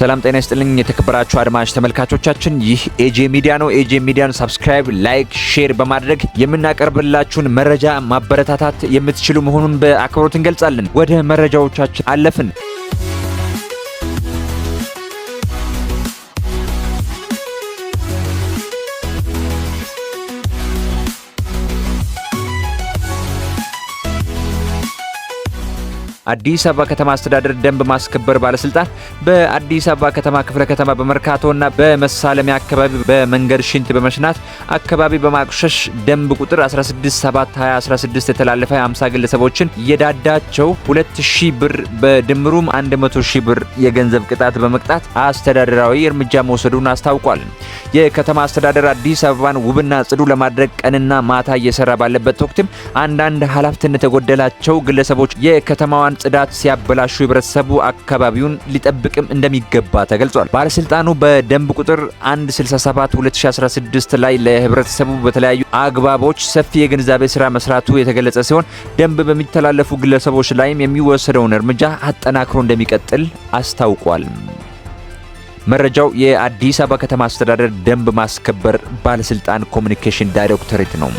ሰላም ጤና ይስጥልኝ የተከበራችሁ አድማጭ ተመልካቾቻችን፣ ይህ ኤጄ ሚዲያ ነው። ኤጄ ሚዲያን ሰብስክራይብ፣ ላይክ፣ ሼር በማድረግ የምናቀርብላችሁን መረጃ ማበረታታት የምትችሉ መሆኑን በአክብሮት እንገልጻለን። ወደ መረጃዎቻችን አለፍን። አዲስ አበባ ከተማ አስተዳደር ደንብ ማስከበር ባለስልጣን በአዲስ አበባ ከተማ ክፍለ ከተማ በመርካቶና በመሳለሚያ አካባቢ በመንገድ ሽንት በመሽናት አካባቢ በማቁሸሽ ደንብ ቁጥር 167 የተላለፈ 50 ግለሰቦችን የዳዳቸው 2000 ብር በድምሩም 100000 ብር የገንዘብ ቅጣት በመቅጣት አስተዳደራዊ እርምጃ መውሰዱን አስታውቋል። የከተማ አስተዳደር አዲስ አበባን ውብና ጽዱ ለማድረግ ቀንና ማታ እየሰራ ባለበት ወቅትም አንዳንድ ኃላፊነት የጎደላቸው ግለሰቦች የከተማዋን የሰላም ጽዳት ሲያበላሹ ህብረተሰቡ አካባቢውን ሊጠብቅም እንደሚገባ ተገልጿል። ባለስልጣኑ በደንብ ቁጥር 167 2016 ላይ ለህብረተሰቡ በተለያዩ አግባቦች ሰፊ የግንዛቤ ስራ መስራቱ የተገለጸ ሲሆን ደንብ በሚተላለፉ ግለሰቦች ላይም የሚወሰደውን እርምጃ አጠናክሮ እንደሚቀጥል አስታውቋል። መረጃው የአዲስ አበባ ከተማ አስተዳደር ደንብ ማስከበር ባለስልጣን ኮሚኒኬሽን ዳይሬክቶሬት ነው።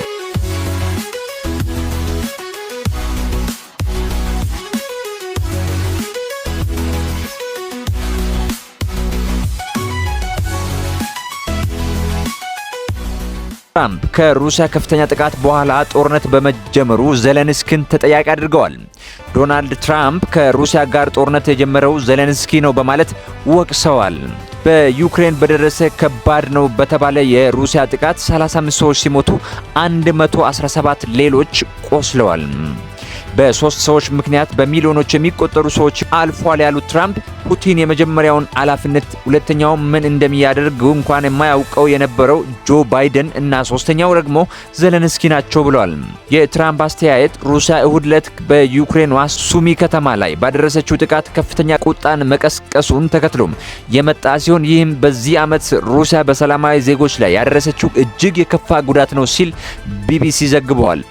ትራምፕ ከሩሲያ ከፍተኛ ጥቃት በኋላ ጦርነት በመጀመሩ ዘለንስኪን ተጠያቂ አድርገዋል። ዶናልድ ትራምፕ ከሩሲያ ጋር ጦርነት የጀመረው ዘለንስኪ ነው በማለት ወቅሰዋል። በዩክሬን በደረሰ ከባድ ነው በተባለ የሩሲያ ጥቃት 35 ሰዎች ሲሞቱ 117 ሌሎች ቆስለዋል። በሶስት ሰዎች ምክንያት በሚሊዮኖች የሚቆጠሩ ሰዎች አልፏል ያሉት ትራምፕ ፑቲን የመጀመሪያውን ኃላፊነት፣ ሁለተኛውን ምን እንደሚያደርግ እንኳን የማያውቀው የነበረው ጆ ባይደን እና ሶስተኛው ደግሞ ዘለንስኪ ናቸው ብለዋል። የትራምፕ አስተያየት ሩሲያ እሁድ ዕለት በዩክሬኗ ሱሚ ከተማ ላይ ባደረሰችው ጥቃት ከፍተኛ ቁጣን መቀስቀሱን ተከትሎም የመጣ ሲሆን ይህም በዚህ ዓመት ሩሲያ በሰላማዊ ዜጎች ላይ ያደረሰችው እጅግ የከፋ ጉዳት ነው ሲል ቢቢሲ ዘግበዋል።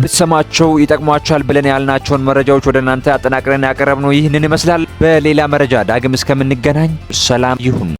ብትሰማቸው ይጠቅሟቸዋል ብለን ያልናቸውን መረጃዎች ወደ እናንተ አጠናቅረን ያቀረብነው ይህንን ይመስላል። በሌላ መረጃ ዳግም እስከምንገናኝ ሰላም ይሁን።